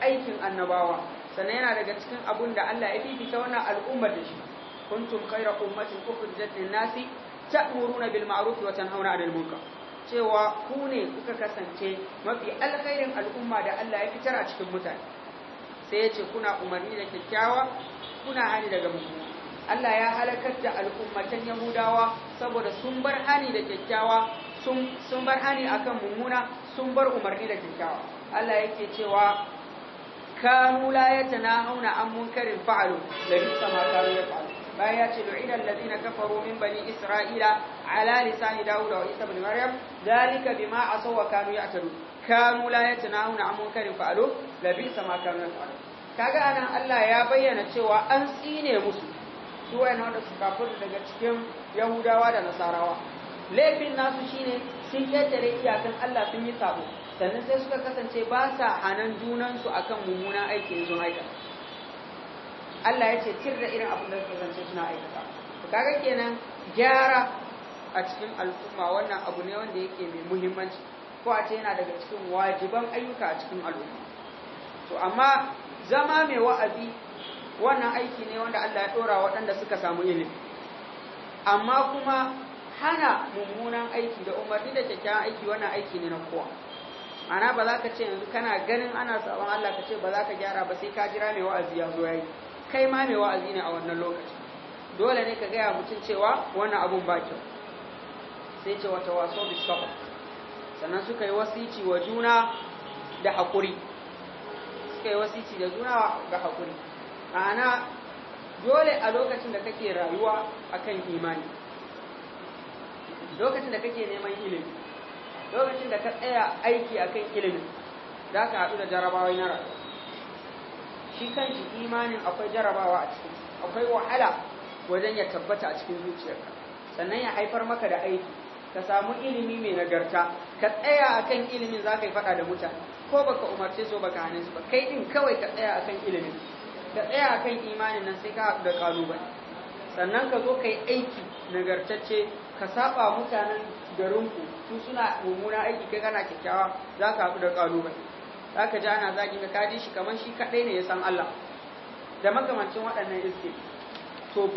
aikin annabawa sannan yana daga cikin abun da Allah ya fifita wannan al'ummar da shi kuntum khayra ummatin ukhrijat lin-nasi ta'muruna bil ma'ruf wa cewa ku ne kuka kasance mafi alkhairin al'umma da Allah ya fitar a cikin mutane sai ya ce kuna umarni da kyakkyawa kuna hani daga mu Allah ya halakar da al'ummatan Yahudawa saboda sun bar hani da kyakkyawa sun bar hani akan mummuna sun bar umarni da kyakkyawa Allah yake cewa kanu la yatanahuna an munkarin fa'alu da bisa ma kanu fa'alu bayan ya ce lu'ina alladhina kafaru min bani isra'ila ala lisani da wa isa ibn maryam zalika bima asaw wa kanu ya'tadu kanu la yatanahuna an munkarin fa'alu labisa sama kanu yaf'alu kaga anan Allah ya bayyana cewa an tsine musu su wayan wanda su daga cikin yahudawa da nasarawa laifin nasu shine sun ƙetare iyakan Allah sun yi sabo sannan sai suka kasance ba sa hanan junansu akan mummunan aikin zuwa Allah ya ce tir da irin abin da zance suna aikata to kaga kenan gyara a cikin al'umma wannan abu ne wanda yake mai muhimmanci ko a ce yana daga cikin wajiban ayyuka a cikin al'umma to amma zama mai wa'azi wannan aiki ne wanda Allah ya dora waɗanda suka samu ilimi amma kuma hana mummunan aiki da umarni da kyakkyawan aiki wannan aiki ne na kowa ana ba za ka ce yanzu kana ganin ana sabon Allah ka ce ba za ka gyara ba sai ka jira mai wa'azi ya zo yayi kai ma mai wa'azi ne a wannan lokaci dole ne ka gaya mutum cewa wannan abun ba kyau sai ce wata waso bisabr sannan suka yi wasici wa juna da haƙuri suka yi wasici da juna ga haƙuri ma'ana dole a lokacin da kake rayuwa akan imani lokacin da kake neman ilimi lokacin da ka tsaya aiki akan ilimin za ka haɗu da na rayuwa shi kanshi imanin akwai jarabawa a cikin akwai wahala wajen ya tabbata a cikin zuciyarka sannan ya haifar maka da aiki ka samu ilimi mai nagarta ka tsaya akan ilimin za ka yi faɗa da mutane ko baka umarce su baka hane su ba kai din kawai ka tsaya akan ilimin ka tsaya akan imanin nan sai ka haɗu da ƙalubale sannan ka zo ka yi aiki nagartacce ka saba mutanen garinku su suna mummuna aiki kai kana kyakkyawa za ka haɗu da ƙalubale zaka ji ana zagi ka kaji shi kamar shi kaɗai ne ya san Allah da makamancin waɗannan iske to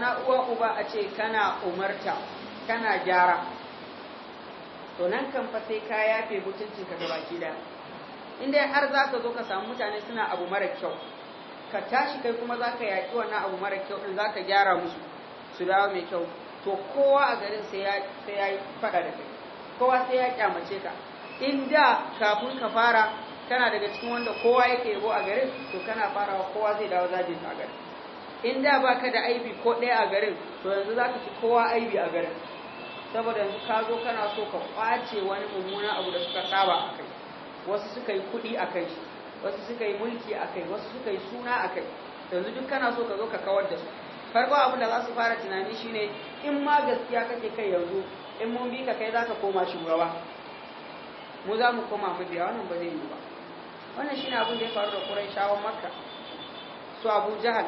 na uwa uba a ce kana umarta kana gyara to nan kan fa sai ka yafe mutuncin ka gabaki da in dai har zaka zo ka samu mutane suna abu mara kyau ka tashi kai kuma zaka yaki wannan abu mara kyau din zaka gyara musu su dawo mai kyau to kowa a garin sai ya sai faɗa da kai kowa sai ya kyamace ka in da kafin ka fara kana daga cikin wanda kowa yake yabo a garin to kana farawa kowa zai dawo zagin a garin in da baka da aibi ko ɗaya a garin to yanzu za ka ci kowa aibi a garin saboda yanzu ka zo kana so ka kwace wani mummunan abu da suka saba a kai wasu suka yi kuɗi a kai wasu suka yi mulki a kai wasu suka yi suna a kai yanzu duk kana so ka zo ka kawar da su farko abin da za su fara tunani shine in ma gaskiya kake kai yanzu in mun bi ka kai za ka koma shugaba mu za mu koma biya wannan ba zai yi ba wannan shine abin da ya faru da Quraishawan Makka su Abu Jahal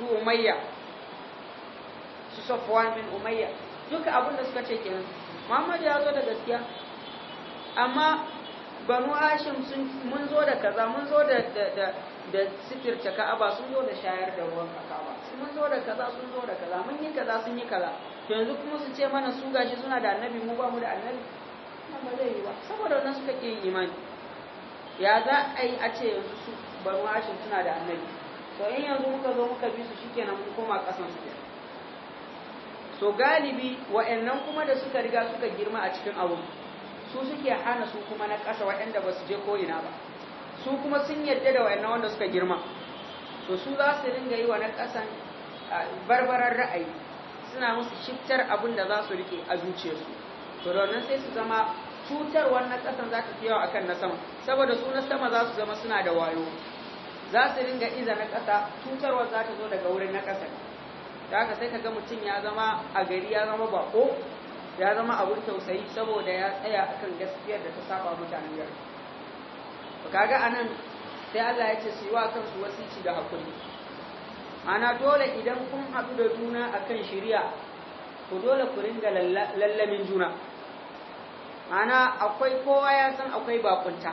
su Umayya su Safwan bin Umayya duka abin da suka ce kenan Muhammad ya zo da gaskiya amma Banu Hashim sun mun zo da kaza mun zo da da da ta Ka'aba sun zo da shayar da ruwan Ka'aba sun zo da kaza sun zo da kaza mun yi kaza sun yi kaza yanzu kuma su ce mana su gashi suna da annabi mu ba mu da annabi ba zai yi ba saboda wannan suka ke imani ya za a yi a ce yanzu su banu mashin tuna da annabi to in yanzu muka zo muka bi su shikenan mun koma kasan su so galibi wa'annan kuma da suka riga suka girma a cikin abu su suke hana su kuma na ƙasa waɗanda ba su je ko'ina ba su kuma sun yadda da wa'annan wanda suka girma to su za su ringa yi wa na ƙasan barbarar ra'ayi suna musu shiftar abin da za su rike a zuciyarsu to sai su zama cutarwar na ƙasan za ta fi yawa akan na sama saboda su na sama za su zama suna da wayo za su ringa iza na ƙasa cutarwar za ta zo daga wurin na ƙasa da haka sai ka ga mutum ya zama a gari ya zama bako ya zama abun tausayi saboda ya tsaya akan gaskiyar da ta saba mutanen gari kaga anan sai Allah ya ce su yi wa kansu wasici da hakuri ana dole idan kun haɗu da juna akan shari'a ku dole ku ringa lallamin juna ana akwai kowa ya san akwai bakunta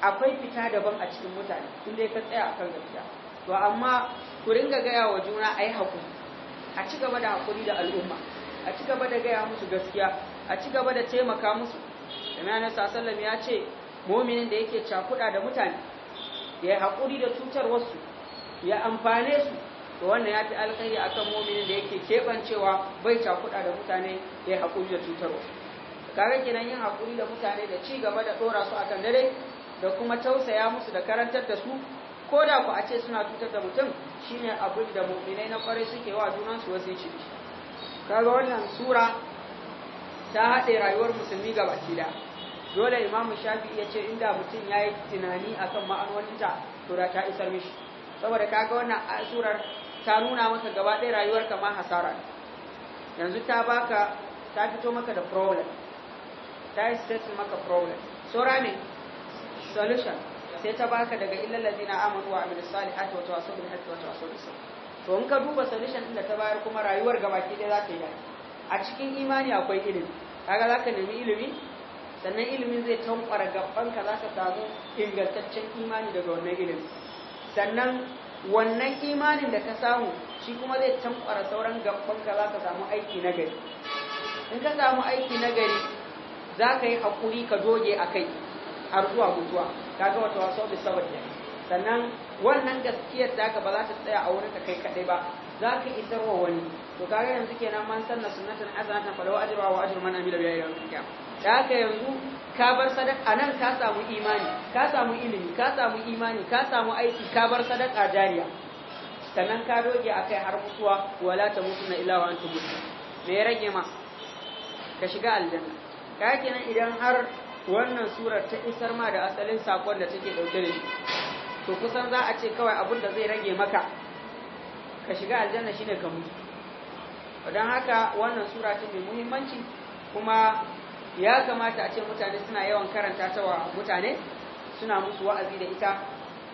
akwai fita daban a cikin mutane inda ka tsaya akan gaskiya to amma ku ringa gaya wa juna ai hakuri a ci gaba da hakuri da al'umma a ci gaba da gaya musu gaskiya a ci gaba da taimaka musu jami'a na sallam ya ce muminin da yake cakuda da mutane ya yi hakuri da cutar wasu ya amfane su to wannan ya fi alkhairi akan muminin da yake keɓancewa bai cakuda da mutane ya yi hakuri da cutar wasu kare kenan yin hakuri da mutane da ci gaba da dora su akan dare da kuma tausaya musu da karantar da su ko da ku a ce suna cutar da mutum shine abin da mu'minai na kwarai suke wa junan su wasu ci kaga wannan sura ta haɗe rayuwar musulmi gaba da dole imamu shafi ya ce inda mutum ya yi tunani akan to da ta isar mishi saboda kaga wannan surar ta nuna maka gaba ɗaya rayuwar ma hasara yanzu ta baka ta fito maka da problem tayi yi state maka problem saura ne solution sai ta baka daga illal ladina amanu wa amilus salihati wa tawassaw bil haqqi wa tawassaw bis sabr to in ka duba solution din da ta bayar kuma rayuwar gabaki ɗaya za ta yi a cikin imani akwai ilimi kaga za ka nemi ilimi sannan ilimin zai tankwara gabanka za ka samu ingantaccen imani daga wannan ilimi sannan wannan imanin da ka samu shi kuma zai tankwara sauran gabanka za ka samu aiki na gari in ka samu aiki na gari za ka yi haƙuri ka doge a kai har zuwa mutuwa kaga wata wasu bi sawad ne sannan wannan gaskiyar da aka ba za ta tsaya a wurin ka kai kadai ba za ka isar wa wani to kaga yanzu kenan man sanna sunnatan azanatan falahu ajra wa ajru man amila biha yawm al-qiyam da ka yanzu ka bar sadaka nan ka samu imani ka samu ilimi ka samu imani ka samu aiki ka bar sadaka jariya sannan ka doge akai har mutuwa wala tamutunna illa wa antum muslimun me ya rage ma ka shiga aljanna ka kenan idan har wannan surar ta isar ma da asalin sakon da take dauke da shi to kusan za a ce kawai abin da zai rage maka ka shiga aljanna shine ka mutu don haka wannan sura ta mai muhimmanci kuma ya kamata a ce mutane suna yawan karanta ta wa mutane suna musu wa'azi da ita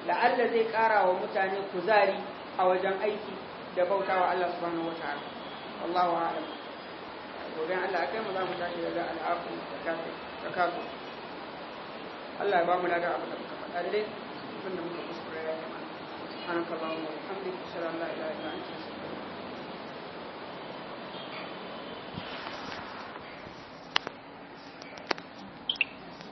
la'alla zai ƙara wa mutane kuzari a wajen aiki da bautawa Allah subhanahu ta'ala Allahu a'lam gobe Allah kai mu za mu tashi daga al'afu da kafu Allah ya ba mu laga abu da muka faɗa dai abin da muka kuskure ya yi mana an la ilaha illa